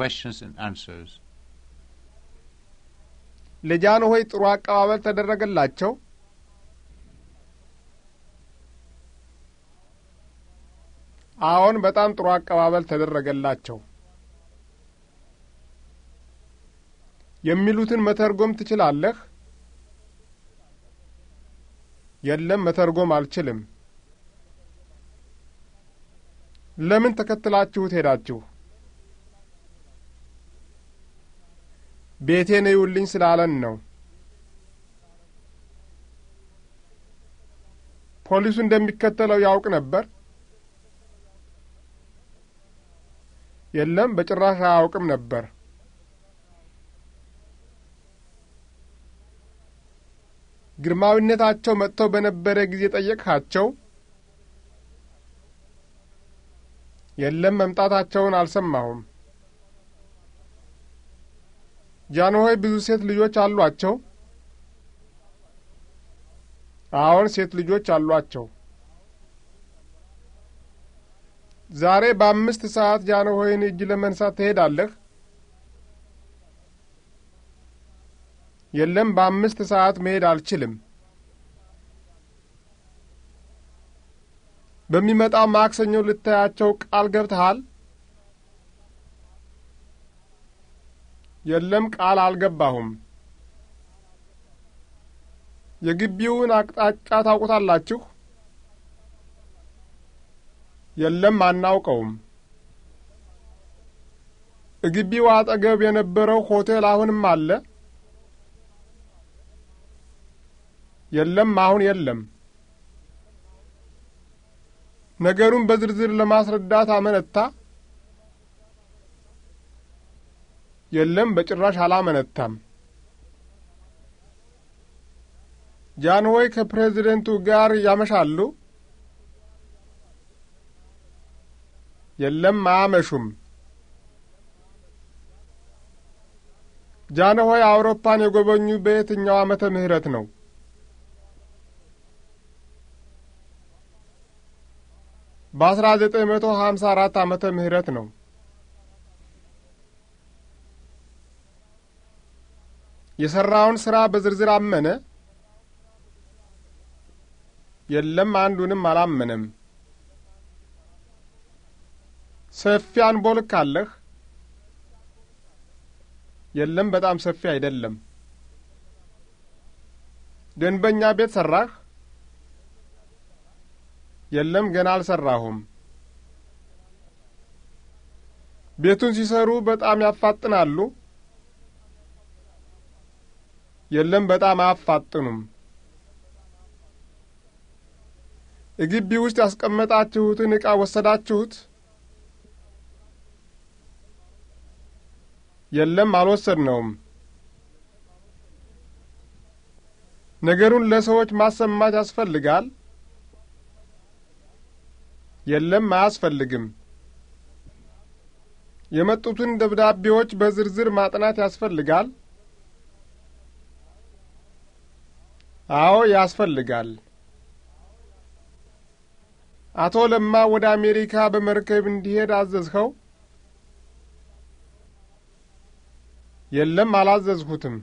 questions and answers. ለጃን ሆይ ጥሩ አቀባበል ተደረገላቸው? አዎን፣ በጣም ጥሩ አቀባበል ተደረገላቸው። የሚሉትን መተርጎም ትችላለህ? የለም፣ መተርጎም አልችልም። ለምን ተከትላችሁት ሄዳችሁ? ቤቴን እዩልኝ ስላለን ነው። ፖሊሱ እንደሚከተለው ያውቅ ነበር? የለም፣ በጭራሽ አያውቅም ነበር። ግርማዊነታቸው መጥተው በነበረ ጊዜ ጠየቅሃቸው? የለም፣ መምጣታቸውን አልሰማሁም። ጃንሆይ ብዙ ሴት ልጆች አሏቸው? አዎን፣ ሴት ልጆች አሏቸው። ዛሬ በአምስት ሰዓት ጃንሆይን እጅ ለመንሳት ትሄዳለህ? የለም፣ በአምስት ሰዓት መሄድ አልችልም። በሚመጣው ማክሰኞ ልታያቸው ቃል ገብተሃል? የለም ቃል አልገባሁም። የግቢውን አቅጣጫ ታውቁታላችሁ? የለም አናውቀውም። ግቢው አጠገብ የነበረው ሆቴል አሁንም አለ? የለም አሁን የለም። ነገሩን በዝርዝር ለማስረዳት አመነታ። የለም፣ በጭራሽ አላመነታም። ጃንሆይ ከፕሬዚደንቱ ጋር ያመሻሉ? የለም፣ አያመሹም። ጃንሆይ አውሮፓን የጎበኙ በየትኛው ዓመተ ምህረት ነው? በአስራ ዘጠኝ መቶ ሀምሳ አራት ዓመተ ምህረት ነው። የሠራውን ሥራ በዝርዝር አመነ? የለም፣ አንዱንም አላመነም። ሰፊ አንቦ ልክ አለህ? የለም፣ በጣም ሰፊ አይደለም። ደንበኛ ቤት ሠራህ? የለም፣ ገና አልሠራሁም። ቤቱን ሲሰሩ በጣም ያፋጥናሉ? የለም፣ በጣም አያፋጥኑም። እግቢ ውስጥ ያስቀመጣችሁትን ዕቃ ወሰዳችሁት? የለም፣ አልወሰድነውም። ነገሩን ለሰዎች ማሰማት ያስፈልጋል? የለም፣ አያስፈልግም። የመጡትን ደብዳቤዎች በዝርዝር ማጥናት ያስፈልጋል? አዎ ያስፈልጋል። አቶ ለማ ወደ አሜሪካ በመርከብ እንዲሄድ አዘዝኸው? የለም፣ አላዘዝሁትም።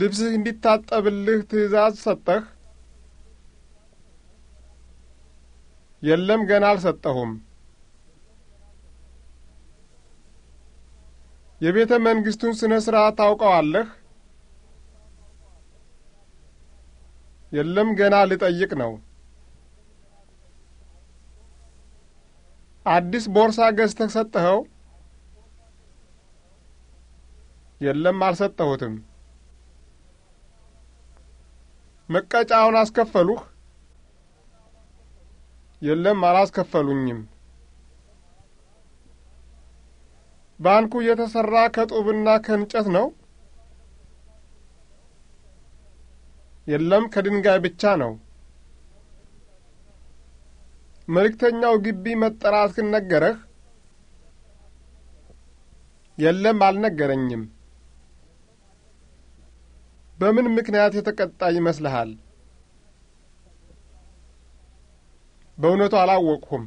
ልብስህ እንዲታጠብልህ ትዕዛዝ ሰጠህ? የለም፣ ገና አልሰጠሁም። የቤተ መንግስቱን ስነ ስርዓት ታውቀዋለህ? የለም ገና ልጠይቅ ነው። አዲስ ቦርሳ ገዝተህ ሰጠኸው? የለም አልሰጠሁትም። መቀጫውን አስከፈሉህ? የለም አላስከፈሉኝም። ባንኩ የተሰራ ከጡብና ከእንጨት ነው? የለም፣ ከድንጋይ ብቻ ነው። መልእክተኛው ግቢ መጠራትህን ነገረህ? የለም፣ አልነገረኝም። በምን ምክንያት የተቀጣ ይመስልሃል? በእውነቱ አላወቅሁም።